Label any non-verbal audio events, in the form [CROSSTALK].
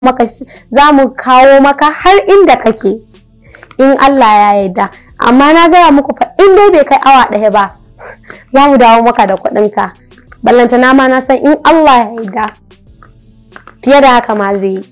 maka za mu kawo maka har inda kake in Allah ya yarda amma na gaya muku fa in dai bai kai awa ɗaya ba [LAUGHS] za mu dawo maka da kuɗin ballanta na ma na san in Allah ya yarda fiye da haka ma zai yi